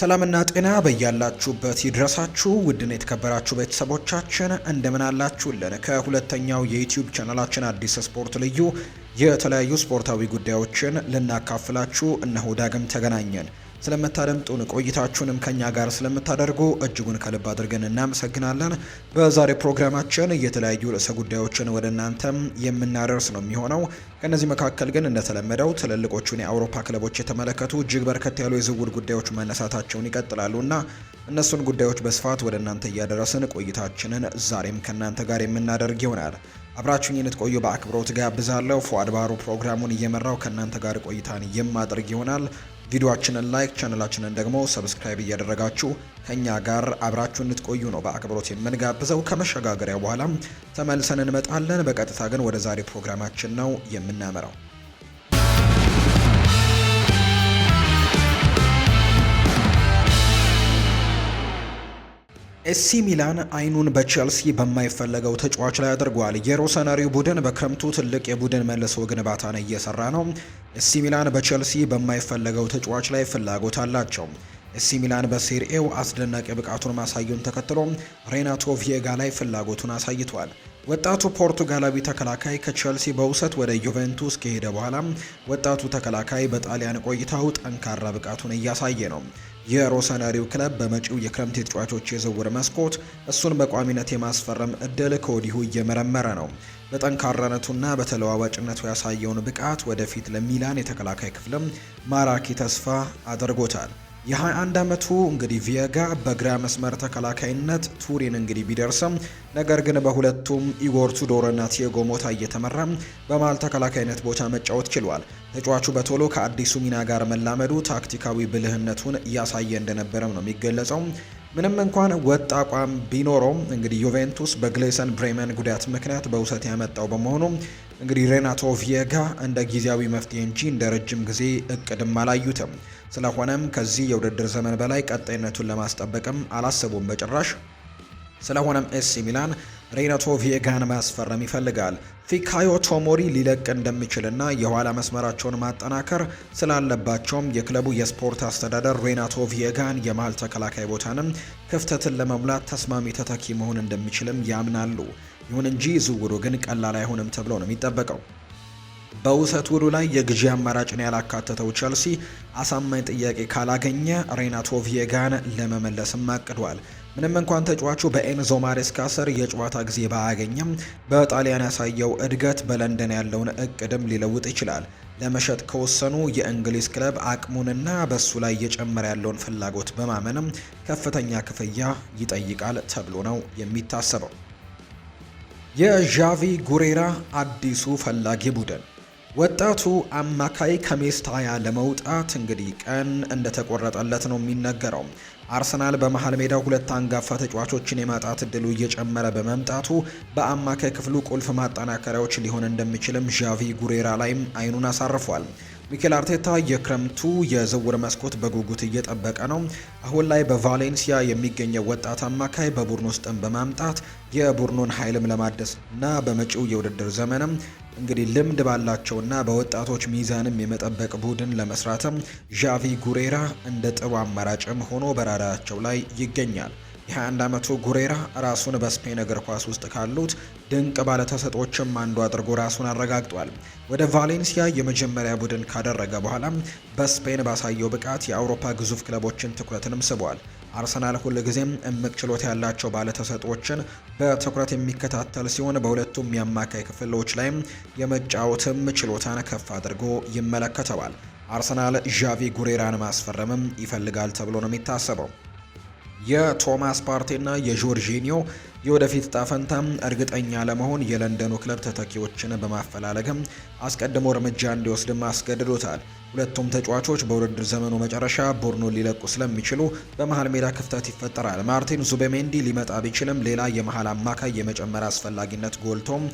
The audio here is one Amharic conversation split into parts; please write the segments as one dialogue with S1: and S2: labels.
S1: ሰላምና ጤና በያላችሁበት ይድረሳችሁ። ውድን የተከበራችሁ ቤተሰቦቻችን እንደምን አላችሁልን? ከሁለተኛው የዩትዩብ ቻናላችን አዲስ ስፖርት ልዩ የተለያዩ ስፖርታዊ ጉዳዮችን ልናካፍላችሁ እነሆ ዳግም ተገናኘን። ስለምታደምጡን ቆይታችሁንም ከኛ ጋር ስለምታደርጉ እጅጉን ከልብ አድርገን እናመሰግናለን። በዛሬ ፕሮግራማችን የተለያዩ ርዕሰ ጉዳዮችን ወደ እናንተም የምናደርስ ነው የሚሆነው። ከእነዚህ መካከል ግን እንደተለመደው ትልልቆቹን የአውሮፓ ክለቦች የተመለከቱ እጅግ በርከት ያሉ የዝውውር ጉዳዮች መነሳታቸውን ይቀጥላሉና እነሱን ጉዳዮች በስፋት ወደ እናንተ እያደረስን ቆይታችንን ዛሬም ከእናንተ ጋር የምናደርግ ይሆናል። አብራችሁኝ እንድትቆዩ በአክብሮት ጋብዛለሁ። ፏድ ፕሮግራሙን እየመራው ከእናንተ ጋር ቆይታን የማድርግ ይሆናል። ቪዲዮአችንን ላይክ ቻነላችንን ደግሞ ሰብስክራይብ እያደረጋችሁ ከኛ ጋር አብራችሁ እንድትቆዩ ነው በአክብሮት የምንጋብዘው። ከመሸጋገሪያ በኋላም ተመልሰን እንመጣለን። በቀጥታ ግን ወደ ዛሬ ፕሮግራማችን ነው የምናመራው።
S2: ኤሲ ሚላን አይኑን በቼልሲ በማይፈለገው ተጫዋች ላይ አድርጓል። የሮሰናሪው ቡድን በክረምቱ ትልቅ የቡድን መልሶ ግንባታን እየሰራ ነው። ኤሲ ሚላን በቼልሲ በማይፈለገው ተጫዋች ላይ ፍላጎት አላቸው። ኤሲ ሚላን በሴሪኤው አስደናቂ ብቃቱን ማሳየቱን ተከትሎ ሬናቶ ቪዬጋ ላይ ፍላጎቱን አሳይቷል። ወጣቱ ፖርቱጋላዊ ተከላካይ ከቼልሲ በውሰት ወደ ዩቬንቱስ ከሄደ በኋላ ወጣቱ ተከላካይ በጣሊያን ቆይታው ጠንካራ ብቃቱን እያሳየ ነው። የሮሳናሪው ክለብ በመጪው የክረምት የተጫዋቾች የዝውውር መስኮት እሱን በቋሚነት የማስፈረም እድል ከወዲሁ እየመረመረ ነው። በጠንካራነቱና በተለዋዋጭነቱ ያሳየውን ብቃት ወደፊት ለሚላን የተከላካይ ክፍልም ማራኪ ተስፋ አድርጎታል። የ21 ዓመቱ እንግዲህ ቪየጋ በግራ መስመር ተከላካይነት ቱሪን እንግዲህ ቢደርስም ነገር ግን በሁለቱም ኢጎር ቱዶርና ቲያጎ ሞታ እየተመራ በመሃል ተከላካይነት ቦታ መጫወት ችሏል። ተጫዋቹ በቶሎ ከአዲሱ ሚና ጋር መላመዱ ታክቲካዊ ብልህነቱን እያሳየ እንደነበረም ነው የሚገለጸው። ምንም እንኳን ወጥ አቋም ቢኖረውም እንግዲህ ዩቬንቱስ በግሌሰን ብሬመን ጉዳት ምክንያት በውሰት ያመጣው በመሆኑ እንግዲህ ሬናቶ ቪየጋ እንደ ጊዜያዊ መፍትሄ እንጂ እንደ ረጅም ጊዜ እቅድም አላዩትም። ስለሆነም ከዚህ የውድድር ዘመን በላይ ቀጣይነቱን ለማስጠበቅም አላሰቡም በጭራሽ። ስለሆነም ኤሲ ሚላን ሬናቶ ቪየጋን ማስፈረም ይፈልጋል። ፊካዮ ቶሞሪ ሊለቅ እንደሚችልና የኋላ መስመራቸውን ማጠናከር ስላለባቸውም የክለቡ የስፖርት አስተዳደር ሬናቶ ቪየጋን የመሀል ተከላካይ ቦታንም ክፍተትን ለመሙላት ተስማሚ ተተኪ መሆን እንደሚችልም ያምናሉ። ይሁን እንጂ ዝውውሩ ግን ቀላል አይሆንም ተብሎ ነው የሚጠበቀው። በውሰት ውሉ ላይ የግዢ አማራጭን ያላካተተው ቸልሲ አሳማኝ ጥያቄ ካላገኘ ሬናቶ ቪየጋን ለመመለስም አቅዷል። ምንም እንኳን ተጫዋቹ በኤንዞ ማሬስካ ስር የጨዋታ ጊዜ ባያገኝም በጣሊያን ያሳየው እድገት በለንደን ያለውን እቅድም ሊለውጥ ይችላል። ለመሸጥ ከወሰኑ የእንግሊዝ ክለብ አቅሙንና በሱ ላይ እየጨመረ ያለውን ፍላጎት በማመንም ከፍተኛ ክፍያ ይጠይቃል ተብሎ ነው የሚታሰበው። የዣቪ ጉሬራ አዲሱ ፈላጊ ቡድን ወጣቱ አማካይ ከሜስታያ ለመውጣት እንግዲህ ቀን እንደተቆረጠለት ነው የሚነገረው። አርሰናል በመሀል ሜዳ ሁለት አንጋፋ ተጫዋቾችን የማጣት እድሉ እየጨመረ በመምጣቱ በአማካይ ክፍሉ ቁልፍ ማጠናከሪያዎች ሊሆን እንደሚችልም ዣቪ ጉሬራ ላይም አይኑን አሳርፏል። ሚኬል አርቴታ የክረምቱ የዝውውር መስኮት በጉጉት እየጠበቀ ነው። አሁን ላይ በቫሌንሲያ የሚገኘው ወጣት አማካይ በቡድን ውስጥም በማምጣት የቡድኑን ኃይልም ለማደስ እና በመጪው የውድድር ዘመንም እንግዲህ ልምድ ባላቸውና በወጣቶች ሚዛንም የመጠበቅ ቡድን ለመስራትም ዣቪ ጉሬራ እንደ ጥሩ አማራጭም ሆኖ በራዳቸው ላይ ይገኛል። የ21 ዓመቱ ጉሬራ ራሱን በስፔን እግር ኳስ ውስጥ ካሉት ድንቅ ባለተሰጦችም አንዱ አድርጎ ራሱን አረጋግጧል። ወደ ቫሌንሲያ የመጀመሪያ ቡድን ካደረገ በኋላ በስፔን ባሳየው ብቃት የአውሮፓ ግዙፍ ክለቦችን ትኩረትንም ስቧል። አርሰናል ጊዜም እምቅ ችሎታ ያላቸው ባለተሰጦችን በትኩረት የሚከታተል ሲሆን በሁለቱም የአማካይ ክፍሎች ላይም የመጫወትም ችሎታን ከፍ አድርጎ ይመለከተዋል። አርሰናል ዣቪ ጉሬራን ማስፈረምም ይፈልጋል ተብሎ ነው የሚታሰበው። የቶማስ ፓርቴና የጆርጂኒዮ የወደፊት ጣፈንታም እርግጠኛ ለመሆን የለንደኑ ክለብ ተተኪዎችን በማፈላለግም አስቀድሞ እርምጃ እንዲወስድም አስገድዶታል። ሁለቱም ተጫዋቾች በውድድር ዘመኑ መጨረሻ ቡድኑን ሊለቁ ስለሚችሉ በመሀል ሜዳ ክፍተት ይፈጠራል። ማርቲን ዙቤሜንዲ ሊመጣ ቢችልም ሌላ የመሀል አማካይ የመጨመር አስፈላጊነት ጎልቶም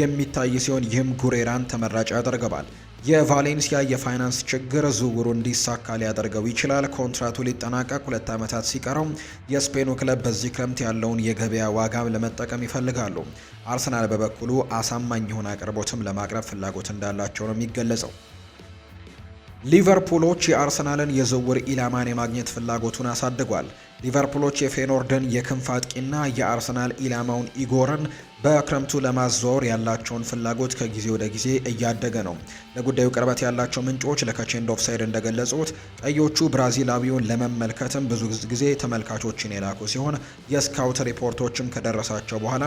S2: የሚታይ ሲሆን ይህም ጉሬራን ተመራጭ ያደርገዋል። የቫሌንሲያ የፋይናንስ ችግር ዝውውሩ እንዲሳካ ሊያደርገው ይችላል። ኮንትራቱ ሊጠናቀቅ ሁለት ዓመታት ሲቀረው የስፔኑ ክለብ በዚህ ክረምት ያለውን የገበያ ዋጋ ለመጠቀም ይፈልጋሉ። አርሰናል በበኩሉ አሳማኝ የሆነ አቅርቦትም ለማቅረብ ፍላጎት እንዳላቸው ነው የሚገለጸው። ሊቨርፑሎች የአርሰናልን የዝውውር ኢላማን የማግኘት ፍላጎቱን አሳድጓል። ሊቨርፑሎች የፌኖርድን የክንፍ አጥቂና የአርሰናል ኢላማውን ኢጎርን በክረምቱ ለማዘዋወር ያላቸውን ፍላጎት ከጊዜ ወደ ጊዜ እያደገ ነው። ለጉዳዩ ቅርበት ያላቸው ምንጮች ለከቼንድ ኦፍሳይድ እንደገለጹት ቀዮቹ ብራዚላዊውን ለመመልከትም ብዙ ጊዜ ተመልካቾችን የላኩ ሲሆን የስካውት ሪፖርቶችም ከደረሳቸው በኋላ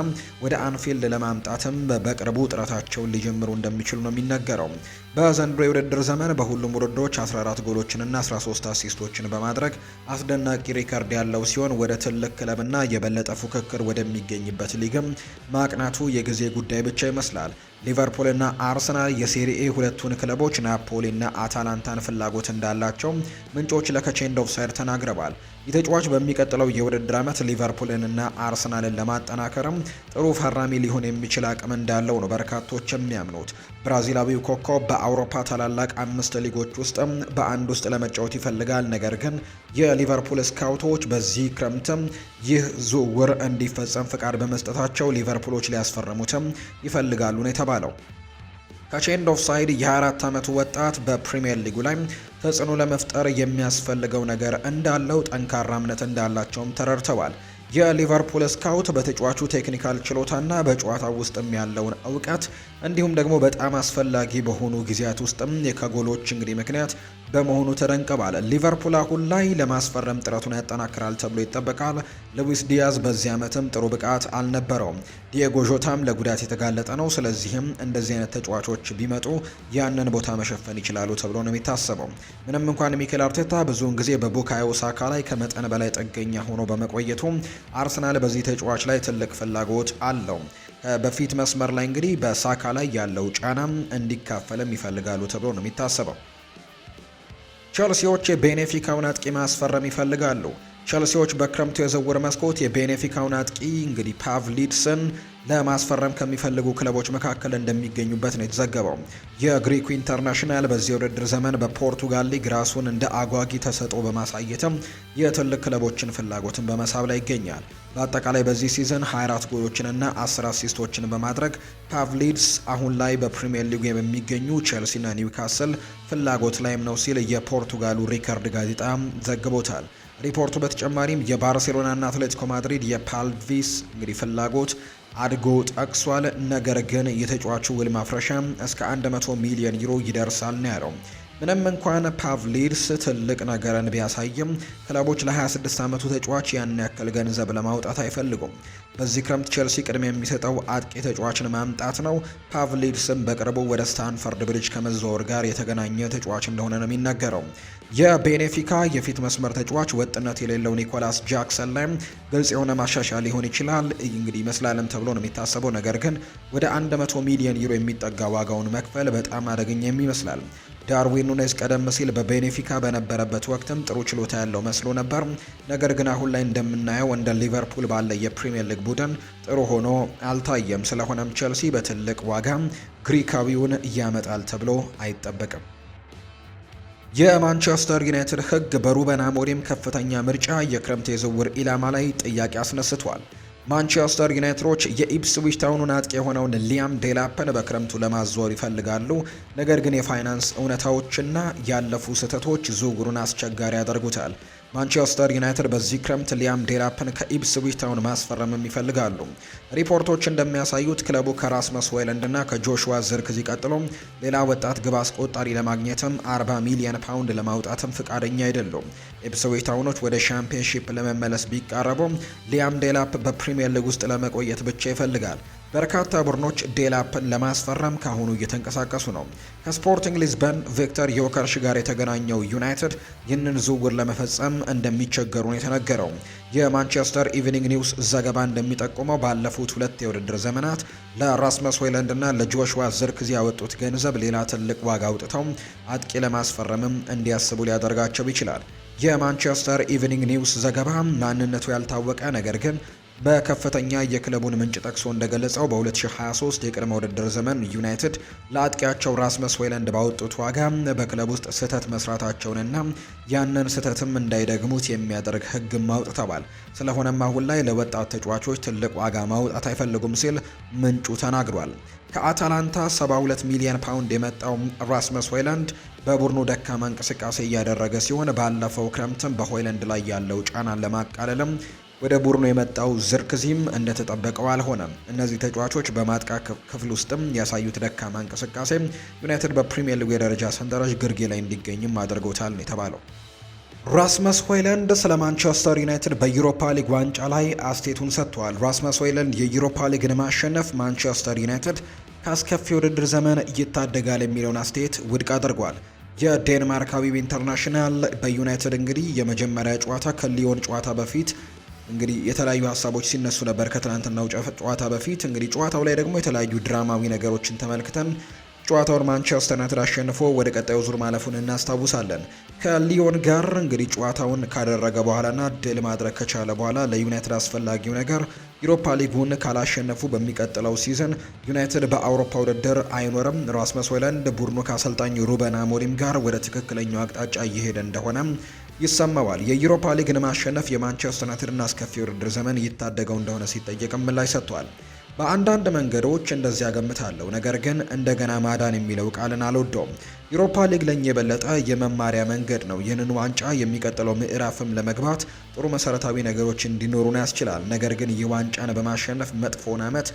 S2: ወደ አንፊልድ ለማምጣትም በቅርቡ ጥረታቸውን ሊጀምሩ እንደሚችሉ ነው የሚነገረው። በዘንድሮ የውድድር ዘመን በሁሉም ውድድሮች 14 ጎሎችንና 13 አሲስቶችን በማድረግ አስደናቂ ሪከርድ ያለው ሲሆን ወደ ትልቅ ክለብና የበለጠ ፉክክር ወደሚገኝበት ሊግም ማቅናቱ የጊዜ ጉዳይ ብቻ ይመስላል። ሊቨርፑልና አርሰናል የሴሪኤ ሁለቱን ክለቦች ናፖሊና አታላንታን ፍላጎት እንዳላቸው ምንጮች ለከቼንድ ኦፍሳይድ ተናግረዋል። የተጫዋች በሚቀጥለው የውድድር ዓመት ሊቨርፑልንና አርሰናልን ለማጠናከርም ጥሩ ፈራሚ ሊሆን የሚችል አቅም እንዳለው ነው በርካቶች የሚያምኑት። ብራዚላዊው ኮከብ በአውሮፓ ታላላቅ አምስት ሊጎች ውስጥ በአንድ ውስጥ ለመጫወት ይፈልጋል። ነገር ግን የሊቨርፑል ስካውቶች በዚህ ክረምትም ይህ ዝውውር እንዲፈጸም ፍቃድ በመስጠታቸው ሊቨርፑሎች ሊያስፈርሙትም ይፈልጋሉ ነው የተባለው። ኦፍ ሳይድ የ24 ዓመቱ ወጣት በፕሪምየር ሊጉ ላይ ተጽዕኖ ለመፍጠር የሚያስፈልገው ነገር እንዳለው ጠንካራ እምነት እንዳላቸውም ተረድተዋል። የሊቨርፑል ስካውት በተጫዋቹ ቴክኒካል ችሎታና በጨዋታ ውስጥም ያለውን እውቀት እንዲሁም ደግሞ በጣም አስፈላጊ በሆኑ ጊዜያት ውስጥም ከጎሎች እንግዲህ ምክንያት በመሆኑ ተደንቀዋል። ሊቨርፑል አሁን ላይ ለማስፈረም ጥረቱን ያጠናክራል ተብሎ ይጠበቃል። ሉዊስ ዲያዝ በዚህ ዓመትም ጥሩ ብቃት አልነበረውም። ዲየጎ ዦታም ለጉዳት የተጋለጠ ነው። ስለዚህም እንደዚህ አይነት ተጫዋቾች ቢመጡ ያንን ቦታ መሸፈን ይችላሉ ተብሎ ነው የሚታሰበው። ምንም እንኳን ሚኬል አርቴታ ብዙውን ጊዜ በቡካዮ ሳካ ላይ ከመጠን በላይ ጥገኛ ሆኖ በመቆየቱ አርሰናል በዚህ ተጫዋች ላይ ትልቅ ፍላጎት አለው። በፊት መስመር ላይ እንግዲህ በሳካ ላይ ያለው ጫናም እንዲካፈልም ይፈልጋሉ ተብሎ ነው የሚታሰበው። ቸልሲዎች የቤኔፊካውን አጥቂ ማስፈረም ይፈልጋሉ። ቸልሲዎች በክረምቱ የዝውውር መስኮት የቤኔፊካውን አጥቂ እንግዲህ ፓቭሊድስን ለማስፈረም ከሚፈልጉ ክለቦች መካከል እንደሚገኙበት ነው የተዘገበው። የግሪኩ ኢንተርናሽናል በዚህ ውድድር ዘመን በፖርቱጋል ሊግ ራሱን እንደ አጓጊ ተሰጥኦ በማሳየትም የትልቅ ክለቦችን ፍላጎትን በመሳብ ላይ ይገኛል። በአጠቃላይ በዚህ ሲዝን 24 ጎሎችንና 10 አሲስቶችን በማድረግ ፓቭሊድስ አሁን ላይ በፕሪምየር ሊጉ የሚገኙ ቼልሲና ኒውካስል ፍላጎት ላይም ነው ሲል የፖርቱጋሉ ሪከርድ ጋዜጣ ዘግቦታል። ሪፖርቱ በተጨማሪም የባርሴሎናና አትሌቲኮ ማድሪድ የፓልቪስ እንግዲህ ፍላጎት አድጎ ጠቅሷል። ነገር ግን የተጫዋቹ ውል ማፍረሻ እስከ 100 ሚሊዮን ዩሮ ይደርሳል ነው ያለው። ምንም እንኳን ፓቭሊድስ ትልቅ ነገርን ቢያሳይም ክለቦች ለ26 ዓመቱ ተጫዋች ያን ያክል ገንዘብ ለማውጣት አይፈልጉም። በዚህ ክረምት ቼልሲ ቅድሚያ የሚሰጠው አጥቂ ተጫዋችን ማምጣት ነው። ፓቭሊድስም በቅርቡ ወደ ስታንፈርድ ብሪጅ ከመዘወር ጋር የተገናኘ ተጫዋች እንደሆነ ነው የሚነገረው። የቤኔፊካ የፊት መስመር ተጫዋች ወጥነት የሌለው ኒኮላስ ጃክሰን ላይም ግልጽ የሆነ ማሻሻያ ሊሆን ይችላል እንግዲህ ይመስላልም ተብሎ ነው የሚታሰበው። ነገር ግን ወደ 100 ሚሊዮን ዩሮ የሚጠጋ ዋጋውን መክፈል በጣም አደገኛ ይመስላል። ዳርዊን ኑኔዝ ቀደም ሲል በቤኔፊካ በነበረበት ወቅትም ጥሩ ችሎታ ያለው መስሎ ነበር። ነገር ግን አሁን ላይ እንደምናየው እንደ ሊቨርፑል ባለ የፕሪምየር ሊግ ቡድን ጥሩ ሆኖ አልታየም። ስለሆነም ቸልሲ በትልቅ ዋጋ ግሪካዊውን ያመጣል ተብሎ አይጠበቅም። የማንቸስተር ዩናይትድ ሕግ በሩበን አሞሪም ከፍተኛ ምርጫ የክረምት የዝውውር ኢላማ ላይ ጥያቄ አስነስቷል። ማንቸስተር ዩናይትዶች የኢፕስዊች ታውኑን አጥቂ የሆነውን ሊያም ዴላፕን በክረምቱ ለማዘወር ይፈልጋሉ። ነገር ግን የፋይናንስ እውነታዎችና ያለፉ ስህተቶች ዝውውሩን አስቸጋሪ ያደርጉታል። ማንቸስተር ዩናይትድ በዚህ ክረምት ሊያም ዴላፕን ከኢፕስዊች ታውን ማስፈረምም ይፈልጋሉ። ሪፖርቶች እንደሚያሳዩት ክለቡ ከራስመስ ወይለንድና ከጆሹዋ ዝርክዚ ቀጥሎ ሌላ ወጣት ግብ አስቆጣሪ ለማግኘትም 40 ሚሊዮን ፓውንድ ለማውጣትም ፍቃደኛ አይደሉም። ኢፕስዊች ታውኖች ወደ ሻምፒየንሺፕ ለመመለስ ቢቃረቡ ሊያም ዴላፕ በፕሪምየር ሊግ ውስጥ ለመቆየት ብቻ ይፈልጋል። በርካታ ቡድኖች ዴላፕን ለማስፈረም ካሁኑ እየተንቀሳቀሱ ነው። ከስፖርቲንግ ሊዝበን ቪክተር ዮከርሽ ጋር የተገናኘው ዩናይትድ ይህንን ዝውውር ለመፈጸም እንደሚቸገሩ ነው የተነገረው። የማንቸስተር ኢቭኒንግ ኒውስ ዘገባ እንደሚጠቁመው ባለፈው ባለፉት ሁለት የውድድር ዘመናት ለራስመስ ሆይለንድና ለጆሽዋ ዝርክዚ ያወጡት ገንዘብ ሌላ ትልቅ ዋጋ አውጥተው አጥቂ ለማስፈረምም እንዲያስቡ ሊያደርጋቸው ይችላል። የማንቸስተር ኢቭኒንግ ኒውስ ዘገባ ማንነቱ ያልታወቀ ነገር ግን በከፍተኛ የክለቡን ምንጭ ጠቅሶ እንደገለጸው በ2023 የቅድመ ውድድር ዘመን ዩናይትድ ለአጥቂያቸው ራስመስ ሆይለንድ ባወጡት ዋጋ በክለብ ውስጥ ስህተት መስራታቸውንና ያንን ስህተትም እንዳይደግሙት የሚያደርግ ሕግም አውጥተዋል። ስለሆነም አሁን ላይ ለወጣት ተጫዋቾች ትልቅ ዋጋ ማውጣት አይፈልጉም ሲል ምንጩ ተናግሯል። ከአታላንታ 72 ሚሊዮን ፓውንድ የመጣው ራስመስ ሆይለንድ በቡድኑ ደካማ እንቅስቃሴ እያደረገ ሲሆን ባለፈው ክረምትም በሆይለንድ ላይ ያለው ጫናን ለማቃለልም ወደ ቡድኑ የመጣው ዝርክዚም እንደተጠበቀው አልሆነም። እነዚህ ተጫዋቾች በማጥቃ ክፍል ውስጥም ያሳዩት ደካማ እንቅስቃሴ ዩናይትድ በፕሪምየር ሊግ የደረጃ ሰንጠረዥ ግርጌ ላይ እንዲገኝም አድርጎታል ነው የተባለው። ራስመስ ሆይለንድ ስለ ማንቸስተር ዩናይትድ በዩሮፓ ሊግ ዋንጫ ላይ አስቴቱን ሰጥቷል። ራስመስ ሆይለንድ የዩሮፓ ሊግን ማሸነፍ ማንቸስተር ዩናይትድ ከአስከፊ ውድድር ዘመን ይታደጋል የሚለውን አስተያየት ውድቅ አድርጓል። የዴንማርካዊው ኢንተርናሽናል በዩናይትድ እንግዲህ የመጀመሪያ ጨዋታ ከሊዮን ጨዋታ በፊት እንግዲህ የተለያዩ ሀሳቦች ሲነሱ ነበር ከትናንትናው ጨዋታ በፊት። እንግዲህ ጨዋታው ላይ ደግሞ የተለያዩ ድራማዊ ነገሮችን ተመልክተን ጨዋታውን ማንቸስተር ዩናይትድ አሸንፎ ወደ ቀጣዩ ዙር ማለፉን እናስታውሳለን። ከሊዮን ጋር እንግዲህ ጨዋታውን ካደረገ በኋላና ድል ማድረግ ከቻለ በኋላ ለዩናይትድ አስፈላጊው ነገር ዩሮፓ ሊጉን ካላሸነፉ በሚቀጥለው ሲዝን ዩናይትድ በአውሮፓ ውድድር አይኖርም። ራስመስ ሆይሉንድ ቡድኑ ከአሰልጣኝ ሩበን አሞሪም ጋር ወደ ትክክለኛው አቅጣጫ እየሄደ እንደሆነ ይሰማዋል። የዩሮፓ ሊግን ማሸነፍ የማንቸስተር ዩናይትድን አስከፊ ውድድር ዘመን ይታደገው እንደሆነ ሲጠየቅም ምላሽ ሰጥቷል። በአንዳንድ መንገዶች እንደዚያ ገምታለሁ፣ ነገር ግን እንደገና ማዳን የሚለው ቃልን አልወደውም። ዩሮፓ ሊግ ለኝ የበለጠ የመማሪያ መንገድ ነው። ይህንን ዋንጫ የሚቀጥለው ምዕራፍም ለመግባት ጥሩ መሰረታዊ ነገሮች እንዲኖሩን ያስችላል። ነገር ግን ይህ ዋንጫን በማሸነፍ መጥፎን ዓመት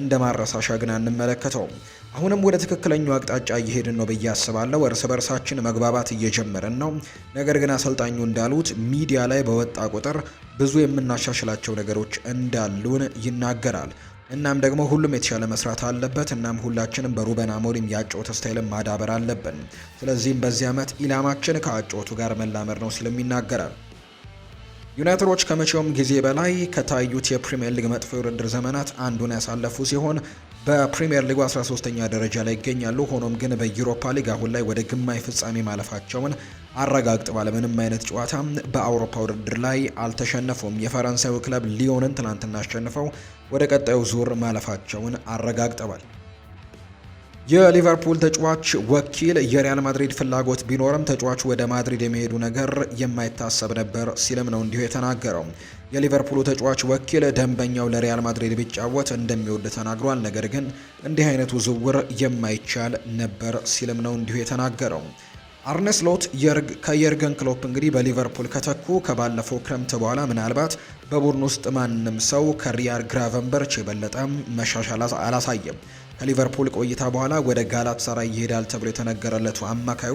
S2: እንደ ማረሳሻ ግን አንመለከተውም። አሁንም ወደ ትክክለኛው አቅጣጫ እየሄድን ነው ብዬ አስባለሁ። እርስ በርሳችን መግባባት እየጀመርን ነው። ነገር ግን አሰልጣኙ እንዳሉት ሚዲያ ላይ በወጣ ቁጥር ብዙ የምናሻሽላቸው ነገሮች እንዳሉን ይናገራል። እናም ደግሞ ሁሉም የተሻለ መስራት አለበት። እናም ሁላችንም በሩበን አሞሪም ያጮት ስታይልን ማዳበር አለብን። ስለዚህም በዚህ ዓመት ኢላማችን ከአጮቱ ጋር መላመድ ነው ሲልም ይናገራል። ዩናይትዶች ከመቼውም ጊዜ በላይ ከታዩት የፕሪምየር ሊግ መጥፎ የውድድር ዘመናት አንዱን ያሳለፉ ሲሆን በፕሪምየር ሊጉ 13ኛ ደረጃ ላይ ይገኛሉ። ሆኖም ግን በዩሮፓ ሊግ አሁን ላይ ወደ ግማሽ ፍጻሜ ማለፋቸውን አረጋግጠዋል። ምንም አይነት ጨዋታ በአውሮፓ ውድድር ላይ አልተሸነፉም። የፈረንሳዩ ክለብ ሊዮንን ትናንትና አሸንፈው ወደ ቀጣዩ ዙር ማለፋቸውን አረጋግጠዋል። የሊቨርፑል ተጫዋች ወኪል የሪያል ማድሪድ ፍላጎት ቢኖርም ተጫዋቹ ወደ ማድሪድ የመሄዱ ነገር የማይታሰብ ነበር ሲልም ነው እንዲሁ የተናገረው። የሊቨርፑሉ ተጫዋች ወኪል ደንበኛው ለሪያል ማድሪድ ቢጫወት እንደሚወድ ተናግሯል። ነገር ግን እንዲህ አይነቱ ዝውውር የማይቻል ነበር ሲልም ነው እንዲሁ የተናገረው። አርነ ስሎት ከየርገን ክሎፕ እንግዲህ በሊቨርፑል ከተኩ ከባለፈው ክረምት በኋላ ምናልባት በቡድን ውስጥ ማንም ሰው ከሪያር ግራቨንበርች የበለጠ መሻሻል አላሳየም። ከሊቨርፑል ቆይታ በኋላ ወደ ጋላት ሰራይ ይሄዳል ተብሎ የተነገረለቱ አማካዩ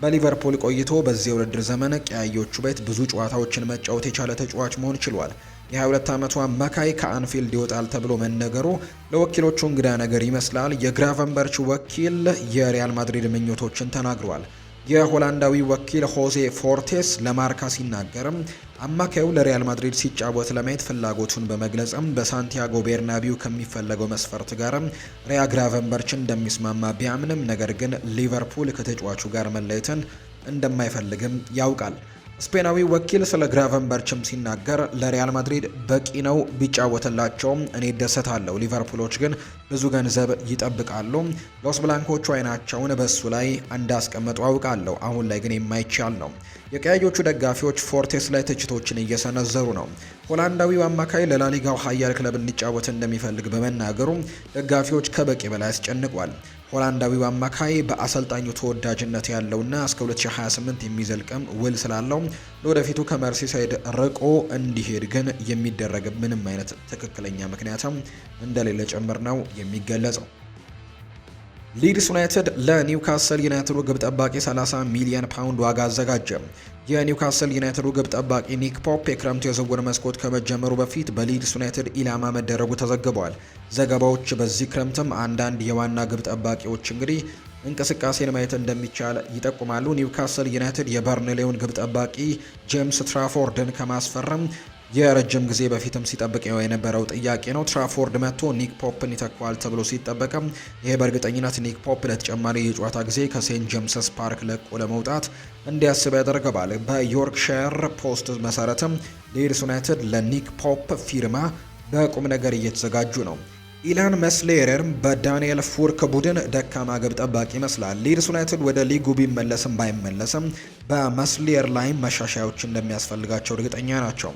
S2: በሊቨርፑል ቆይቶ በዚህ የውድድር ዘመን ቀያዮቹ ቤት ብዙ ጨዋታዎችን መጫወት የቻለ ተጫዋች መሆን ችሏል። የ22 ዓመቱ አማካይ ከአንፊልድ ይወጣል ተብሎ መነገሩ ለወኪሎቹ እንግዳ ነገር ይመስላል። የግራቨንበርች ወኪል የሪያል ማድሪድ ምኞቶችን ተናግሯል። የሆላንዳዊ ወኪል ሆዜ ፎርቴስ ለማርካ ሲናገርም አማካዩ ለሪያል ማድሪድ ሲጫወት ለማየት ፍላጎቱን በመግለጽም በሳንቲያጎ ቤርናቢው ከሚፈለገው መስፈርት ጋርም ሪያ ግራቨንበርች እንደሚስማማ ቢያምንም ነገር ግን ሊቨርፑል ከተጫዋቹ ጋር መለየትን እንደማይፈልግም ያውቃል። ስፔናዊ ወኪል ስለ ግራቨንበርችም ሲናገር ለሪያል ማድሪድ በቂ ነው፣ ቢጫወትላቸውም እኔ ደሰታለሁ። ሊቨርፑሎች ግን ብዙ ገንዘብ ይጠብቃሉ። ሎስ ብላንኮቹ አይናቸውን በሱ ላይ እንዳስቀመጡ አውቃለሁ። አሁን ላይ ግን የማይቻል ነው። የቀያዮቹ ደጋፊዎች ፎርቴስ ላይ ትችቶችን እየሰነዘሩ ነው። ሆላንዳዊው አማካይ ለላሊጋው ሀያል ክለብ እንዲጫወት እንደሚፈልግ በመናገሩ ደጋፊዎች ከበቂ በላይ አስጨንቋል። ሆላንዳዊው አማካይ በአሰልጣኙ ተወዳጅነት ያለውና እስከ 2028 የሚዘልቅም ውል ስላለው ለወደፊቱ ከመርሲሳይድ ርቆ እንዲሄድ ግን የሚደረግ ምንም አይነት ትክክለኛ ምክንያትም እንደሌለ ጭምር ነው የሚገለጸው። ሊድስ ዩናይትድ ለኒውካስል ዩናይትዱ ግብ ጠባቂ 30 ሚሊዮን ፓውንድ ዋጋ አዘጋጀ። የኒውካስል ዩናይትዱ ግብ ጠባቂ ኒክ ፖፕ የክረምት የዝውውር መስኮት ከመጀመሩ በፊት በሊድስ ዩናይትድ ኢላማ መደረጉ ተዘግበዋል። ዘገባዎች በዚህ ክረምትም አንዳንድ የዋና ግብ ጠባቂዎች እንግዲህ እንቅስቃሴን ማየት እንደሚቻል ይጠቁማሉ። ኒውካስል ዩናይትድ የበርንሌውን ግብ ጠባቂ ጄምስ ትራፎርድን ከማስፈረም የረጅም ጊዜ በፊትም ሲጠብቅ የነበረው ጥያቄ ነው። ትራፎርድ መጥቶ ኒክ ፖፕን ይተኳል ተብሎ ሲጠበቅም ይሄ በእርግጠኝነት ኒክ ፖፕ ለተጨማሪ የጨዋታ ጊዜ ከሴንት ጄምስስ ፓርክ ለቆ ለመውጣት እንዲያስብ ያደርገባል በዮርክሻየር ፖስት መሰረትም ሌድስ ዩናይትድ ለኒክ ፖፕ ፊርማ በቁም ነገር እየተዘጋጁ ነው። ኢላን መስሌየርም በዳንኤል ፉርክ ቡድን ደካማ ግብ ጠባቂ ይመስላል። ሊድስ ዩናይትድ ወደ ሊጉ ቢመለስም ባይመለስም በመስሌየር ላይ መሻሻያዎች እንደሚያስፈልጋቸው እርግጠኛ ናቸው።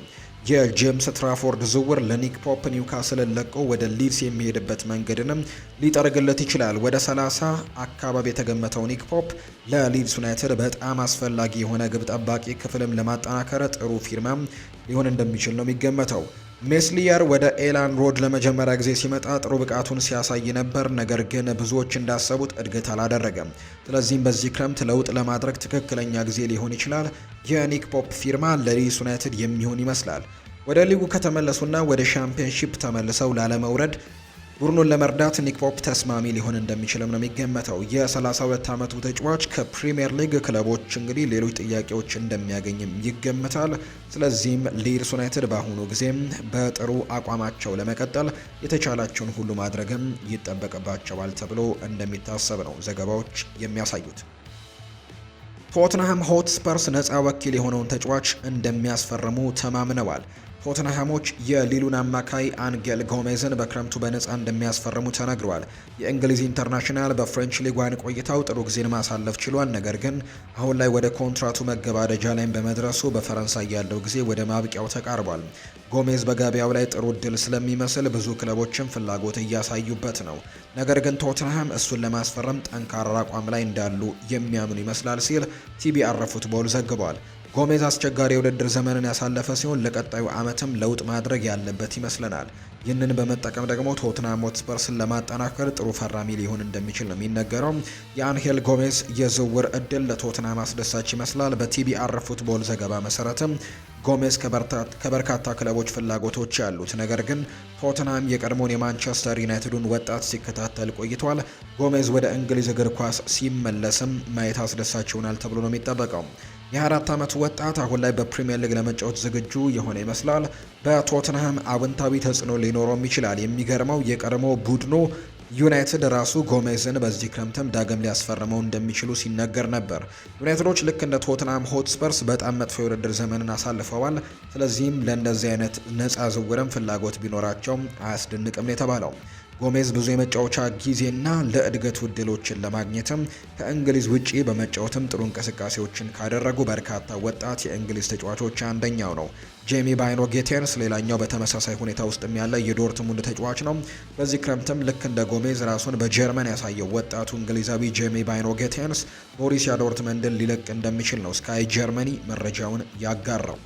S2: የጄምስ ትራፎርድ ዝውውር ለኒክ ፖፕ ኒውካስልን ለቆ ወደ ሊድስ የሚሄድበት መንገድንም ሊጠርግለት ይችላል። ወደ 30 አካባቢ የተገመተው ኒክ ፖፕ ለሊድስ ዩናይትድ በጣም አስፈላጊ የሆነ ግብ ጠባቂ ክፍልም ለማጠናከር ጥሩ ፊርማም ሊሆን እንደሚችል ነው የሚገመተው። ሜስሊየር ወደ ኤላን ሮድ ለመጀመሪያ ጊዜ ሲመጣ ጥሩ ብቃቱን ሲያሳይ ነበር። ነገር ግን ብዙዎች እንዳሰቡት እድገት አላደረገም። ስለዚህም በዚህ ክረምት ለውጥ ለማድረግ ትክክለኛ ጊዜ ሊሆን ይችላል። የኒክ ፖፕ ፊርማ ለሊስ ዩናይትድ የሚሆን ይመስላል። ወደ ሊጉ ከተመለሱና ወደ ሻምፒዮንሺፕ ተመልሰው ላለመውረድ ቡድኑን ለመርዳት ኒክ ፖፕ ተስማሚ ሊሆን እንደሚችልም ነው የሚገመተው። የ32 ዓመቱ ተጫዋች ከፕሪምየር ሊግ ክለቦች እንግዲህ ሌሎች ጥያቄዎች እንደሚያገኝም ይገመታል። ስለዚህም ሊድስ ዩናይትድ በአሁኑ ጊዜም በጥሩ አቋማቸው ለመቀጠል የተቻላቸውን ሁሉ ማድረግም ይጠበቅባቸዋል ተብሎ እንደሚታሰብ ነው ዘገባዎች የሚያሳዩት። ቶትንሃም ሆትስፐርስ ነፃ ወኪል የሆነውን ተጫዋች እንደሚያስፈርሙ ተማምነዋል። ቶተንሃሞች የሊሉን አማካይ አንጌል ጎሜዝን በክረምቱ በነፃ እንደሚያስፈርሙ ተነግሯል። የእንግሊዝ ኢንተርናሽናል በፍሬንች ሊጓን ቆይታው ጥሩ ጊዜን ማሳለፍ ችሏል። ነገር ግን አሁን ላይ ወደ ኮንትራቱ መገባደጃ ላይም በመድረሱ በፈረንሳይ ያለው ጊዜ ወደ ማብቂያው ተቃርቧል። ጎሜዝ በገበያው ላይ ጥሩ እድል ስለሚመስል ብዙ ክለቦችም ፍላጎት እያሳዩበት ነው። ነገር ግን ቶተንሃም እሱን ለማስፈረም ጠንካራ አቋም ላይ እንዳሉ የሚያምኑ ይመስላል ሲል ቲቢአር ፉትቦል ዘግቧል። ጎሜዝ አስቸጋሪ የውድድር ዘመንን ያሳለፈ ሲሆን ለቀጣዩ ዓመትም ለውጥ ማድረግ ያለበት ይመስለናል። ይህንን በመጠቀም ደግሞ ቶትናም ሆትስፐርስን ለማጠናከር ጥሩ ፈራሚ ሊሆን እንደሚችል ነው የሚነገረው። የአንሄል ጎሜዝ የዝውውር እድል ለቶትናም አስደሳች ይመስላል። በቲቢአር ፉትቦል ዘገባ መሰረትም ጎሜዝ ከበርካታ ክለቦች ፍላጎቶች ያሉት፣ ነገር ግን ቶትናም የቀድሞውን የማንቸስተር ዩናይትዱን ወጣት ሲከታተል ቆይቷል። ጎሜዝ ወደ እንግሊዝ እግር ኳስ ሲመለስም ማየት አስደሳች ይሆናል ተብሎ ነው የሚጠበቀው። የአራት ዓመት ወጣት አሁን ላይ በፕሪምየር ሊግ ለመጫወት ዝግጁ የሆነ ይመስላል። በቶትንሃም አዎንታዊ ተጽዕኖ ሊኖረውም ይችላል። የሚገርመው የቀድሞ ቡድኑ ዩናይትድ ራሱ ጎሜዝን በዚህ ክረምትም ዳግም ሊያስፈርመው እንደሚችሉ ሲነገር ነበር። ዩናይትዶች ልክ እንደ ቶትናም ሆትስፐርስ በጣም መጥፎ የውድድር ዘመንን አሳልፈዋል። ስለዚህም ለእንደዚህ አይነት ነፃ ዝውውርም ፍላጎት ቢኖራቸውም አያስደንቅም ነው የተባለው። ጎሜዝ ብዙ የመጫወቻ ጊዜና ለእድገቱ እድሎችን ለማግኘትም ከእንግሊዝ ውጪ በመጫወትም ጥሩ እንቅስቃሴዎችን ካደረጉ በርካታ ወጣት የእንግሊዝ ተጫዋቾች አንደኛው ነው። ጄሚ ባይኖ ጌቴንስ ሌላኛው በተመሳሳይ ሁኔታ ውስጥም ያለ የዶርትሙንድ ተጫዋች ነው። በዚህ ክረምትም ልክ እንደ ጎሜዝ ራሱን በጀርመን ያሳየው ወጣቱ እንግሊዛዊ ጄሚ ባይኖ ጌቴንስ ቦሪሲያ ዶርትመንድን ሊለቅ እንደሚችል ነው ስካይ ጀርመኒ መረጃውን ያጋራው።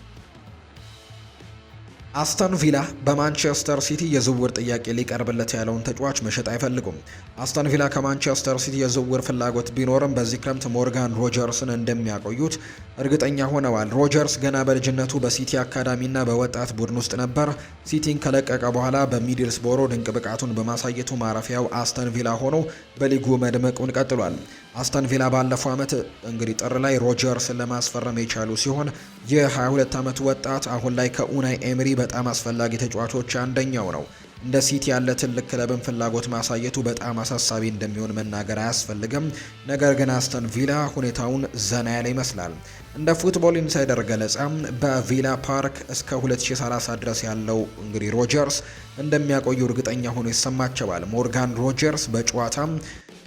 S2: አስተን ቪላ በማንቸስተር ሲቲ የዝውውር ጥያቄ ሊቀርብለት ያለውን ተጫዋች መሸጥ አይፈልጉም። አስተን ቪላ ከማንቸስተር ሲቲ የዝውውር ፍላጎት ቢኖርም በዚህ ክረምት ሞርጋን ሮጀርስን እንደሚያቆዩት እርግጠኛ ሆነዋል። ሮጀርስ ገና በልጅነቱ በሲቲ አካዳሚና በወጣት ቡድን ውስጥ ነበር። ሲቲን ከለቀቀ በኋላ በሚድልስቦሮ ድንቅ ብቃቱን በማሳየቱ ማረፊያው አስተን ቪላ ሆኖ በሊጉ መድመቁን ቀጥሏል። አስተን ቪላ ባለፈው ዓመት እንግዲህ ጥር ላይ ሮጀርስን ለማስፈረም የቻሉ ሲሆን የ22 ዓመት ወጣት አሁን ላይ ከኡናይ ኤምሪ በጣም አስፈላጊ ተጫዋቾች አንደኛው ነው። እንደ ሲቲ ያለ ትልቅ ክለብን ፍላጎት ማሳየቱ በጣም አሳሳቢ እንደሚሆን መናገር አያስፈልግም። ነገር ግን አስተን ቪላ ሁኔታውን ዘና ያለ ይመስላል። እንደ ፉትቦል ኢንሳይደር ገለጻ በቪላ ፓርክ እስከ 2030 ድረስ ያለው እንግዲህ ሮጀርስ እንደሚያቆዩ እርግጠኛ ሆኖ ይሰማቸዋል። ሞርጋን ሮጀርስ በጨዋታ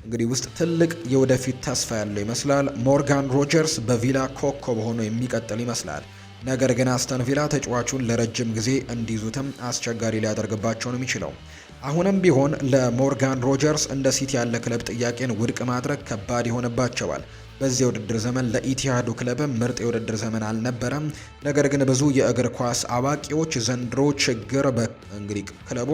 S2: እንግዲህ ውስጥ ትልቅ የወደፊት ተስፋ ያለው ይመስላል። ሞርጋን ሮጀርስ በቪላ ኮከብ ሆኖ የሚቀጥል ይመስላል። ነገር ግን አስተን ቪላ ተጫዋቹን ለረጅም ጊዜ እንዲይዙትም አስቸጋሪ ሊያደርግባቸው ነው የሚችለው። አሁንም ቢሆን ለሞርጋን ሮጀርስ እንደ ሲቲ ያለ ክለብ ጥያቄን ውድቅ ማድረግ ከባድ ይሆንባቸዋል። በዚህ የውድድር ዘመን ለኢቲሃዱ ክለብ ምርጥ የውድድር ዘመን አልነበረም። ነገር ግን ብዙ የእግር ኳስ አዋቂዎች ዘንድሮ ችግር በእንግዲህ ክለቡ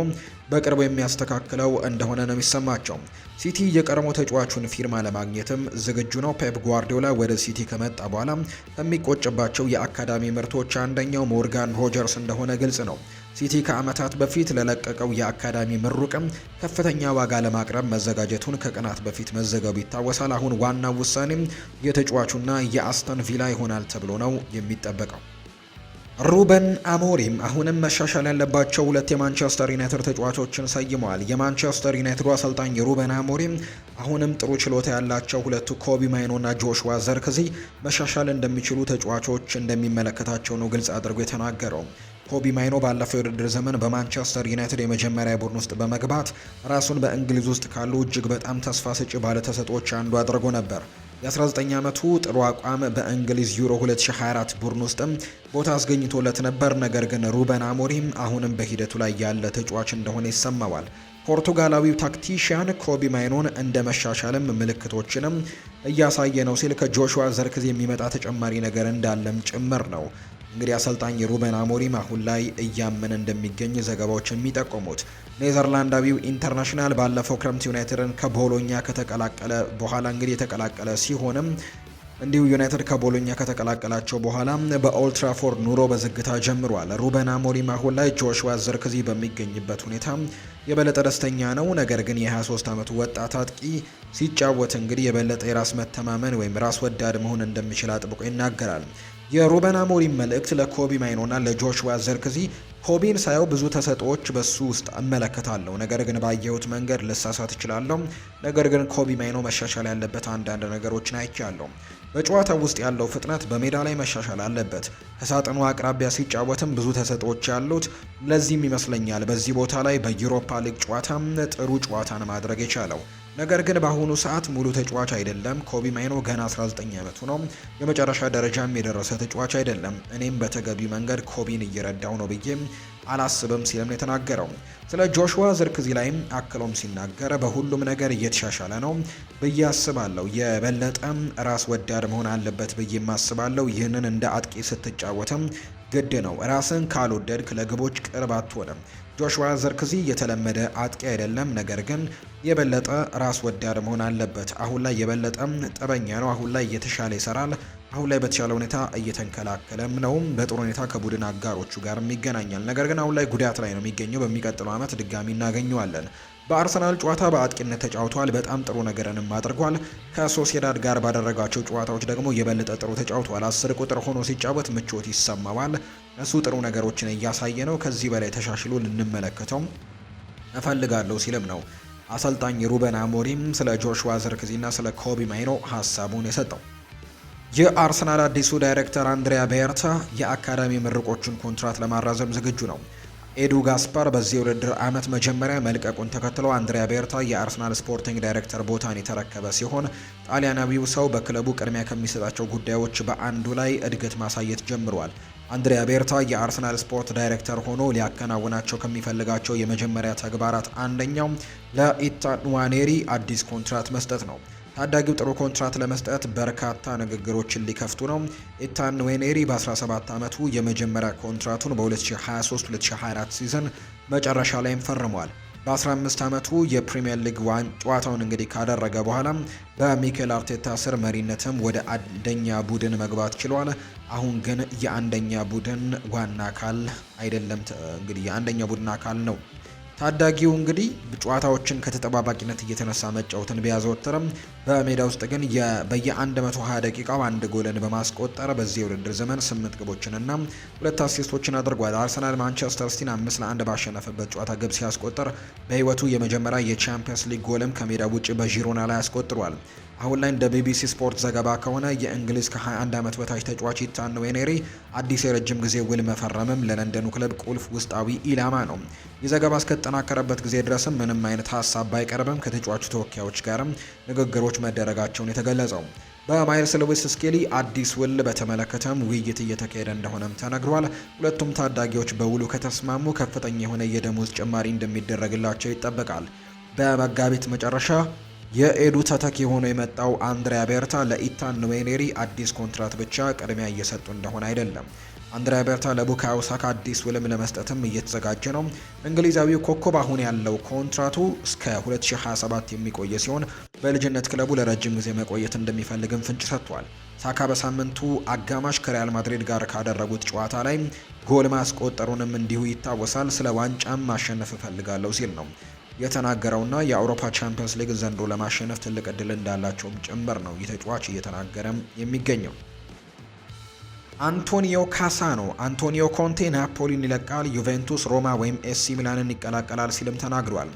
S2: በቅርቡ የሚያስተካክለው እንደሆነ ነው የሚሰማቸው። ሲቲ የቀድሞ ተጫዋቹን ፊርማ ለማግኘትም ዝግጁ ነው። ፔፕ ጓርዲዮላ ወደ ሲቲ ከመጣ በኋላ ከሚቆጭባቸው የአካዳሚ ምርቶች አንደኛው ሞርጋን ሮጀርስ እንደሆነ ግልጽ ነው። ሲቲ ከዓመታት በፊት ለለቀቀው የአካዳሚ ምሩቅም ከፍተኛ ዋጋ ለማቅረብ መዘጋጀቱን ከቀናት በፊት መዘገቡ ይታወሳል። አሁን ዋናው ውሳኔም የተጫዋቹና የአስተን ቪላ ይሆናል ተብሎ ነው የሚጠበቀው። ሩበን አሞሪም አሁንም መሻሻል ያለባቸው ሁለት የማንቸስተር ዩናይትድ ተጫዋቾችን ሰይመዋል። የማንቸስተር ዩናይትዱ አሰልጣኝ ሩበን አሞሪም አሁንም ጥሩ ችሎታ ያላቸው ሁለቱ ኮቢ ማይኖና ጆሽዋ ዘርክዚ መሻሻል እንደሚችሉ ተጫዋቾች እንደሚመለከታቸው ነው ግልጽ አድርጎ የተናገረው። ኮቢ ማይኖ ባለፈው የውድድር ዘመን በማንቸስተር ዩናይትድ የመጀመሪያ ቡድን ውስጥ በመግባት ራሱን በእንግሊዝ ውስጥ ካሉ እጅግ በጣም ተስፋ ሰጪ ባለተሰጦች አንዱ አድርጎ ነበር። የ19 ዓመቱ ጥሩ አቋም በእንግሊዝ ዩሮ 2024 ቡድን ውስጥም ቦታ አስገኝቶለት ነበር። ነገር ግን ሩበን አሞሪም አሁንም በሂደቱ ላይ ያለ ተጫዋች እንደሆነ ይሰማዋል። ፖርቱጋላዊው ታክቲሽያን ኮቢ ማይኖን እንደ መሻሻልም ምልክቶችንም እያሳየ ነው ሲል ከጆሹዋ ዘርክዝ የሚመጣ ተጨማሪ ነገር እንዳለም ጭምር ነው እንግዲህ አሰልጣኝ ሩበን አሞሪም አሁን ላይ እያመነ እንደሚገኝ ዘገባዎች የሚጠቁሙት ኔዘርላንዳዊው ኢንተርናሽናል ባለፈው ክረምት ዩናይትድን ከቦሎኛ ከተቀላቀለ በኋላ እንግዲህ የተቀላቀለ ሲሆንም እንዲሁ ዩናይትድ ከቦሎኛ ከተቀላቀላቸው በኋላ በኦልትራፎርድ ኑሮ በዝግታ ጀምሯል። ሩበን አሞሪም አሁን ላይ ጆሽዋ ዝርክዚ በሚገኝበት ሁኔታ የበለጠ ደስተኛ ነው። ነገር ግን የ23 ዓመቱ ወጣት አጥቂ ሲጫወት እንግዲህ የበለጠ የራስ መተማመን ወይም ራስ ወዳድ መሆን እንደሚችል አጥብቆ ይናገራል። የሩበን አሞሪም መልእክት ለኮቢ ማይኖና ለጆሽዋ ዘርክዚ ኮቢን ሳየው ብዙ ተሰጥኦዎች በሱ ውስጥ እመለከታለሁ፣ ነገር ግን ባየሁት መንገድ ልሳሳት እችላለሁ። ነገር ግን ኮቢ ማይኖ መሻሻል ያለበት አንዳንድ ነገሮችን አይቻለሁ። በጨዋታው ውስጥ ያለው ፍጥነት በሜዳ ላይ መሻሻል አለበት። ከሳጥኑ አቅራቢያ ሲጫወትም ብዙ ተሰጥኦዎች ያሉት፣ ለዚህም ይመስለኛል በዚህ ቦታ ላይ በዩሮፓ ሊግ ጨዋታም ጥሩ ጨዋታን ማድረግ የቻለው። ነገር ግን በአሁኑ ሰዓት ሙሉ ተጫዋች አይደለም። ኮቢ ማይኖ ገና 19 ዓመቱ ነው። የመጨረሻ ደረጃም የደረሰ ተጫዋች አይደለም። እኔም በተገቢ መንገድ ኮቢን እየረዳው ነው ብዬ አላስብም ሲልም ነው የተናገረው። ስለ ጆሹዋ ዝርክዚ ላይም አክሎም ሲናገር በሁሉም ነገር እየተሻሻለ ነው ብዬ አስባለሁ። የበለጠም ራስ ወዳድ መሆን አለበት ብዬም አስባለሁ። ይህንን እንደ አጥቂ ስትጫወትም ግድ ነው። ራስን ካልወደድክ ለግቦች ቅርብ አትሆንም። ጆሹዋ ዘርክዚ የተለመደ አጥቂ አይደለም፣ ነገር ግን የበለጠ ራስ ወዳድ መሆን አለበት። አሁን ላይ የበለጠም ጠበኛ ነው። አሁን ላይ እየተሻለ ይሰራል። አሁን ላይ በተሻለ ሁኔታ እየተንከላከለም ነው። በጥሩ ሁኔታ ከቡድን አጋሮቹ ጋርም ይገናኛል። ነገር ግን አሁን ላይ ጉዳት ላይ ነው የሚገኘው። በሚቀጥለው ዓመት ድጋሚ እናገኘዋለን። በአርሰናል ጨዋታ በአጥቂነት ተጫውቷል። በጣም ጥሩ ነገርንም አድርጓል። ከሶሴዳድ ጋር ባደረጋቸው ጨዋታዎች ደግሞ የበለጠ ጥሩ ተጫውቷል። አስር ቁጥር ሆኖ ሲጫወት ምቾት ይሰማዋል። እሱ ጥሩ ነገሮችን እያሳየ ነው። ከዚህ በላይ ተሻሽሎ ልንመለከተው እፈልጋለሁ ሲልም ነው አሰልጣኝ ሩበን አሞሪም ስለ ጆሹዋ ዝርክዚና ስለ ኮቢ ማይኖ ሀሳቡን የሰጠው። የአርሰናል አዲሱ ዳይሬክተር አንድሪያ ቤርታ የአካዳሚ ምርቆቹን ኮንትራት ለማራዘም ዝግጁ ነው። ኤዱ ጋስፓር በዚህ ውድድር ዓመት መጀመሪያ መልቀቁን ተከትሎ አንድሪያ ቤርታ የአርሰናል ስፖርቲንግ ዳይሬክተር ቦታን የተረከበ ሲሆን ጣሊያናዊው ሰው በክለቡ ቅድሚያ ከሚሰጣቸው ጉዳዮች በአንዱ ላይ እድገት ማሳየት ጀምሯል። አንድሪያ ቤርታ የአርሰናል ስፖርት ዳይሬክተር ሆኖ ሊያከናውናቸው ከሚፈልጋቸው የመጀመሪያ ተግባራት አንደኛው ለኢታዋኔሪ አዲስ ኮንትራት መስጠት ነው። ታዳጊው ጥሩ ኮንትራት ለመስጠት በርካታ ንግግሮችን ሊከፍቱ ነው። ኢታን ዌኔሪ በ17 ዓመቱ የመጀመሪያ ኮንትራቱን በ2023-2024 ሲዘን መጨረሻ ላይም ፈርሟል። በ15 ዓመቱ የፕሪምየር ሊግ ዋን ጨዋታውን እንግዲህ ካደረገ በኋላ በሚኬል አርቴታ ስር መሪነትም ወደ አንደኛ ቡድን መግባት ችሏል። አሁን ግን የአንደኛ ቡድን ዋና አካል አይደለም፣ እንግዲህ የአንደኛ ቡድን አካል ነው ታዳጊው እንግዲህ ጨዋታዎችን ከተጠባባቂነት እየተነሳ መጫወትን ቢያዘወትርም በሜዳ ውስጥ ግን በየ120 ደቂቃው አንድ ጎልን በማስቆጠር በዚህ የውድድር ዘመን ስምንት ግቦችንና ሁለት አሲስቶችን አድርጓል። አርሰናል ማንቸስተር ሲቲን አምስት ለአንድ ባሸነፈበት ጨዋታ ግብ ሲያስቆጠር በህይወቱ የመጀመሪያ የቻምፒየንስ ሊግ ጎልም ከሜዳ ውጭ በዢሮና ላይ አስቆጥሯል። አሁን ላይ እንደ ቢቢሲ ስፖርት ዘገባ ከሆነ የእንግሊዝ ከ21 ዓመት በታች ተጫዋች ኢታን ንዋነሪ አዲስ የረጅም ጊዜ ውል መፈረምም ለለንደኑ ክለብ ቁልፍ ውስጣዊ ኢላማ ነው። ይህ ዘገባ እስከተጠናከረበት ጊዜ ድረስም ምንም አይነት ሀሳብ ባይቀርብም ከተጫዋቹ ተወካዮች ጋርም ንግግሮች መደረጋቸውን የተገለጸው በማይልስ ልዊስ ስኬሊ አዲስ ውል በተመለከተም ውይይት እየተካሄደ እንደሆነም ተነግሯል። ሁለቱም ታዳጊዎች በውሉ ከተስማሙ ከፍተኛ የሆነ የደሞዝ ጭማሪ እንደሚደረግላቸው ይጠበቃል። በመጋቢት መጨረሻ የኤዱ ተተኪ ሆኖ የመጣው አንድሪያ ቤርታ ለኢታን ንዌኔሪ አዲስ ኮንትራት ብቻ ቅድሚያ እየሰጡ እንደሆነ አይደለም። አንድሪያ ቤርታ ለቡካዮ ሳካ አዲስ ውልም ለመስጠትም እየተዘጋጀ ነው። እንግሊዛዊው ኮከብ አሁን ያለው ኮንትራቱ እስከ 2027 የሚቆየ ሲሆን በልጅነት ክለቡ ለረጅም ጊዜ መቆየት እንደሚፈልግም ፍንጭ ሰጥቷል። ሳካ በሳምንቱ አጋማሽ ከሪያል ማድሪድ ጋር ካደረጉት ጨዋታ ላይ ጎል ማስቆጠሩንም እንዲሁ ይታወሳል። ስለ ዋንጫም ማሸነፍ እፈልጋለሁ ሲል ነው የተናገረውና የአውሮፓ ቻምፒየንስ ሊግ ዘንድሮ ለማሸነፍ ትልቅ እድል እንዳላቸውም ጭምር ነው የተጫዋች እየተናገረም የሚገኘው። አንቶኒዮ ካሳኖ አንቶኒዮ ኮንቴ ናፖሊን ይለቃል፣ ዩቬንቱስ ሮማ ወይም ኤሲ ሚላንን ይቀላቀላል ሲልም ተናግሯል።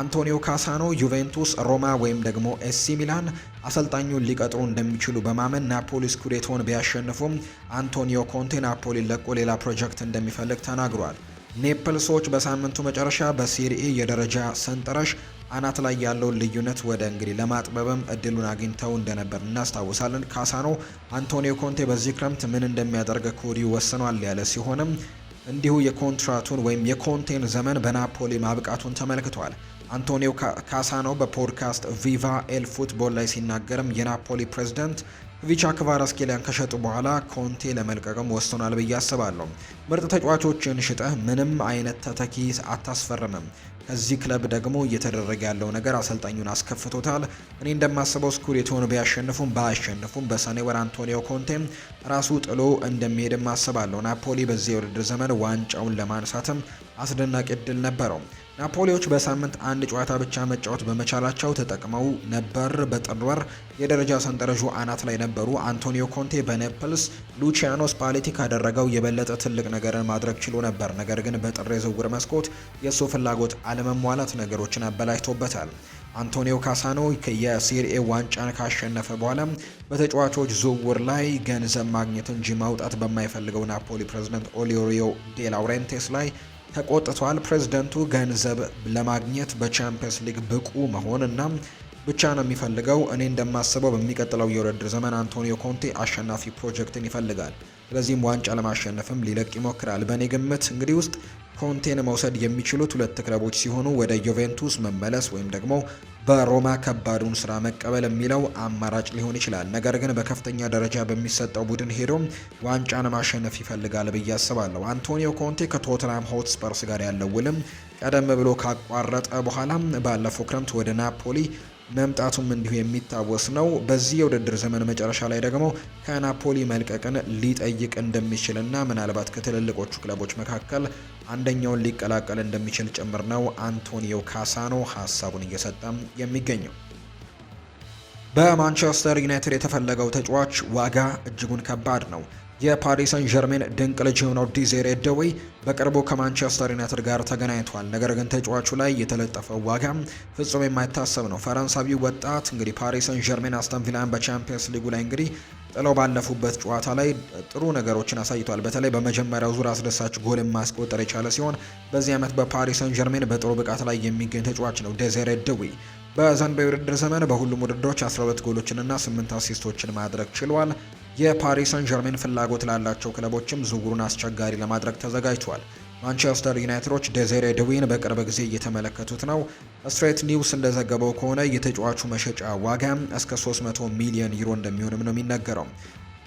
S2: አንቶኒዮ ካሳኖ ዩቬንቱስ፣ ሮማ ወይም ደግሞ ኤሲ ሚላን አሰልጣኙን ሊቀጥሩ እንደሚችሉ በማመን ናፖሊ ስኩዴቶን ቢያሸንፉም አንቶኒዮ ኮንቴ ናፖሊን ለቆ ሌላ ፕሮጀክት እንደሚፈልግ ተናግሯል። ኔፕልሶች በሳምንቱ መጨረሻ በሴሪኤ የደረጃ ሰንጠረዥ አናት ላይ ያለውን ልዩነት ወደ እንግዲህ ለማጥበብም እድሉን አግኝተው እንደነበር እናስታውሳለን። ካሳኖ አንቶኒዮ ኮንቴ በዚህ ክረምት ምን እንደሚያደርግ ኮዲው ወስኗል ያለ ሲሆንም እንዲሁ የኮንትራቱን ወይም የኮንቴን ዘመን በናፖሊ ማብቃቱን ተመልክቷል። አንቶኒዮ ካሳኖ በፖድካስት ቪቫ ኤል ፉትቦል ላይ ሲናገርም የናፖሊ ፕሬዝዳንት ቪቻ ክቫራስኬሊያን ከሸጡ በኋላ ኮንቴ ለመልቀቅም ወስኗል ብዬ አስባለሁ። ምርጥ ተጫዋቾችን ሽጠህ ምንም አይነት ተተኪ አታስፈርምም። ከዚህ ክለብ ደግሞ እየተደረገ ያለው ነገር አሰልጣኙን አስከፍቶታል። እኔ እንደማስበው ስኩዴቶን ቢያሸንፉም ባያሸንፉም በሰኔ ወር አንቶኒዮ ኮንቴም ራሱ ጥሎ እንደሚሄድም አስባለሁ። ናፖሊ በዚህ የውድድር ዘመን ዋንጫውን ለማንሳትም አስደናቂ እድል ነበረው። ናፖሊዎች በሳምንት አንድ ጨዋታ ብቻ መጫወት በመቻላቸው ተጠቅመው ነበር። በጥር ወር የደረጃ ሰንጠረዡ አናት ላይ ነበሩ። አንቶኒዮ ኮንቴ በኔፕልስ ሉቺያኖ ስፓሌቲ ካደረገው የበለጠ ትልቅ ነገርን ማድረግ ችሎ ነበር። ነገር ግን በጥር የዝውውር መስኮት የእሱ ፍላጎት አለመሟላት ነገሮችን አበላሽቶበታል። አንቶኒዮ ካሳኖ የሲሪኤ ዋንጫን ካሸነፈ በኋላ በተጫዋቾች ዝውውር ላይ ገንዘብ ማግኘትን እንጂ ማውጣት በማይፈልገው ናፖሊ ፕሬዚደንት ኦሊሪዮ ዴላውሬንቴስ ላይ ተቆጥቷል። ፕሬዝደንቱ ገንዘብ ለማግኘት በቻምፒየንስ ሊግ ብቁ መሆን እና ብቻ ነው የሚፈልገው። እኔ እንደማስበው በሚቀጥለው የውድድር ዘመን አንቶኒዮ ኮንቴ አሸናፊ ፕሮጀክትን ይፈልጋል። ስለዚህም ዋንጫ ለማሸነፍም ሊለቅ ይሞክራል። በእኔ ግምት እንግዲህ ውስጥ ኮንቴን መውሰድ የሚችሉት ሁለት ክለቦች ሲሆኑ ወደ ዩቬንቱስ መመለስ ወይም ደግሞ በሮማ ከባዱን ስራ መቀበል የሚለው አማራጭ ሊሆን ይችላል። ነገር ግን በከፍተኛ ደረጃ በሚሰጠው ቡድን ሄዶ ዋንጫን ማሸነፍ ይፈልጋል ብዬ አስባለሁ። አንቶኒዮ ኮንቴ ከቶትናም ሆትስፐርስ ጋር ያለው ውልም ቀደም ብሎ ካቋረጠ በኋላ ባለፈው ክረምት ወደ ናፖሊ መምጣቱም እንዲሁ የሚታወስ ነው። በዚህ የውድድር ዘመን መጨረሻ ላይ ደግሞ ከናፖሊ መልቀቅን ሊጠይቅ እንደሚችልና ምናልባት ከትልልቆቹ ክለቦች መካከል አንደኛውን ሊቀላቀል እንደሚችል ጭምር ነው አንቶኒዮ ካሳኖ ሀሳቡን እየሰጠም የሚገኘው። በማንቸስተር ዩናይትድ የተፈለገው ተጫዋች ዋጋ እጅጉን ከባድ ነው። የፓሪሰን ጀርሜን ድንቅ ልጅ የሆነው ዲዜሬ ደዌ በቅርቡ ከማንቸስተር ዩናይትድ ጋር ተገናኝቷል። ነገር ግን ተጫዋቹ ላይ የተለጠፈው ዋጋ ፍጹም የማይታሰብ ነው። ፈረንሳዊ ወጣት እንግዲህ ፓሪሰን ጀርሜን አስተን ቪላን በቻምፒየንስ ሊጉ ላይ እንግዲህ ጥለው ባለፉበት ጨዋታ ላይ ጥሩ ነገሮችን አሳይቷል። በተለይ በመጀመሪያው ዙር አስደሳች ጎል ማስቆጠር የቻለ ሲሆን በዚህ ዓመት በፓሪሰን ጀርሜን በጥሩ ብቃት ላይ የሚገኝ ተጫዋች ነው ዴዜሬ ደዌይ በዘንድሮው የውድድር ዘመን በሁሉም ውድድሮች 12 ጎሎችንና 8 አሲስቶችን ማድረግ ችሏል። የፓሪሰን ጀርሜን ፍላጎት ላላቸው ክለቦችም ዝውውሩን አስቸጋሪ ለማድረግ ተዘጋጅቷል። ማንቸስተር ዩናይትዶች ደዜሬ ድዊን በቅርብ ጊዜ እየተመለከቱት ነው። ስትሬት ኒውስ እንደዘገበው ከሆነ የተጫዋቹ መሸጫ ዋጋ እስከ 300 ሚሊዮን ዩሮ እንደሚሆንም ነው የሚነገረው።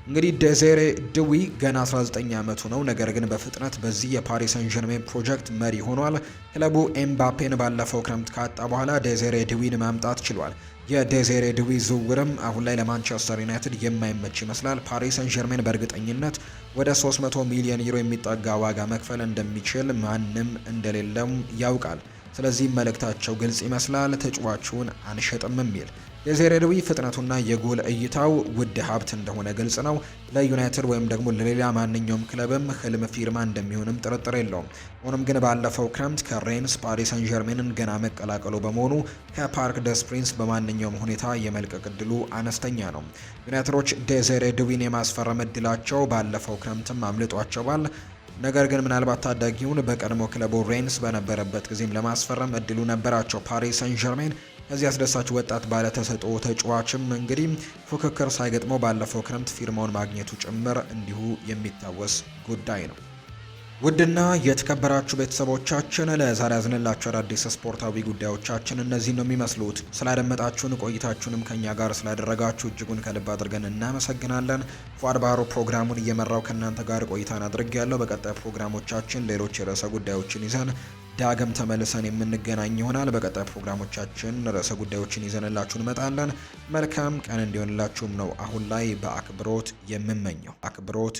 S2: እንግዲህ ደዜሬ ድዊ ገና 19 ዓመቱ ነው። ነገር ግን በፍጥነት በዚህ የፓሪስ ሰን ጀርሜን ፕሮጀክት መሪ ሆኗል። ክለቡ ኤምባፔን ባለፈው ክረምት ካጣ በኋላ ደዜሬ ድዊን ማምጣት ችሏል። የዴዜሬ ድዊ ዝውውርም አሁን ላይ ለማንቸስተር ዩናይትድ የማይመች ይመስላል። ፓሪስ ሰን ጀርሜን በእርግጠኝነት ወደ 300 ሚሊዮን ዩሮ የሚጠጋ ዋጋ መክፈል እንደሚችል ማንም እንደሌለም ያውቃል። ስለዚህ መልእክታቸው ግልጽ ይመስላል፣ ተጫዋቹን አንሸጥም የሚል የዜሬድዊ ፍጥነቱና የጎል እይታው ውድ ሀብት እንደሆነ ግልጽ ነው። ለዩናይትድ ወይም ደግሞ ለሌላ ማንኛውም ክለብም ህልም ፊርማ እንደሚሆንም ጥርጥር የለውም። ሆኖም ግን ባለፈው ክረምት ከሬንስ ፓሪስ ሰን ዠርሜንን ገና መቀላቀሉ በመሆኑ ከፓርክ ደስ ፕሪንስ በማንኛውም ሁኔታ የመልቀቅ እድሉ አነስተኛ ነው። ዩናይትዶች ዴዜሬድዊን የማስፈረም እድላቸው ባለፈው ክረምትም አምልጧቸዋል። ነገር ግን ምናልባት ታዳጊውን በቀድሞ ክለቡ ሬንስ በነበረበት ጊዜም ለማስፈረም እድሉ ነበራቸው። ፓሪስ ሰን ዠርሜን እዚህ አስደሳች ወጣት ባለተሰጦ ተጫዋችም እንግዲህ ፉክክር ሳይገጥመው ባለፈው ክረምት ፊርማውን ማግኘቱ ጭምር እንዲሁ የሚታወስ ጉዳይ ነው። ውድና የተከበራችሁ ቤተሰቦቻችን ለዛሬ ያዝንላችሁ አዳዲስ ስፖርታዊ ጉዳዮቻችን እነዚህ ነው የሚመስሉት። ስላደመጣችሁን ቆይታችሁንም ከኛ ጋር ስላደረጋችሁ እጅጉን ከልብ አድርገን እናመሰግናለን። ፏድ ባህሩ ፕሮግራሙን እየመራው ከእናንተ ጋር ቆይታን አድርግ ያለው። በቀጣይ ፕሮግራሞቻችን ሌሎች የርዕሰ ጉዳዮችን ይዘን ዳግም ተመልሰን የምንገናኝ ይሆናል። በቀጣይ ፕሮግራሞቻችን ርዕሰ ጉዳዮችን ይዘንላችሁ እንመጣለን። መልካም ቀን እንዲሆንላችሁም ነው አሁን ላይ በአክብሮት የምመኘው አክብሮት